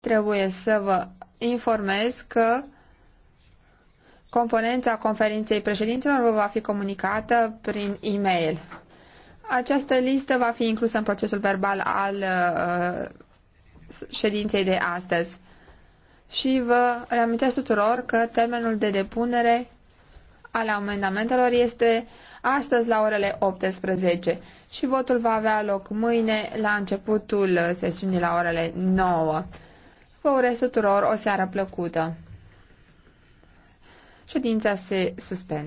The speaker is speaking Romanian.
Trebuie să vă informez că componența conferinței președinților vă va fi comunicată prin e-mail. Această listă va fi inclusă în procesul verbal al uh, ședinței de astăzi. Și vă reamintesc tuturor că termenul de depunere al amendamentelor este astăzi la orele 18 și votul va avea loc mâine la începutul sesiunii la orele 9. Vă urez tuturor o seară plăcută. Ședința se suspendă.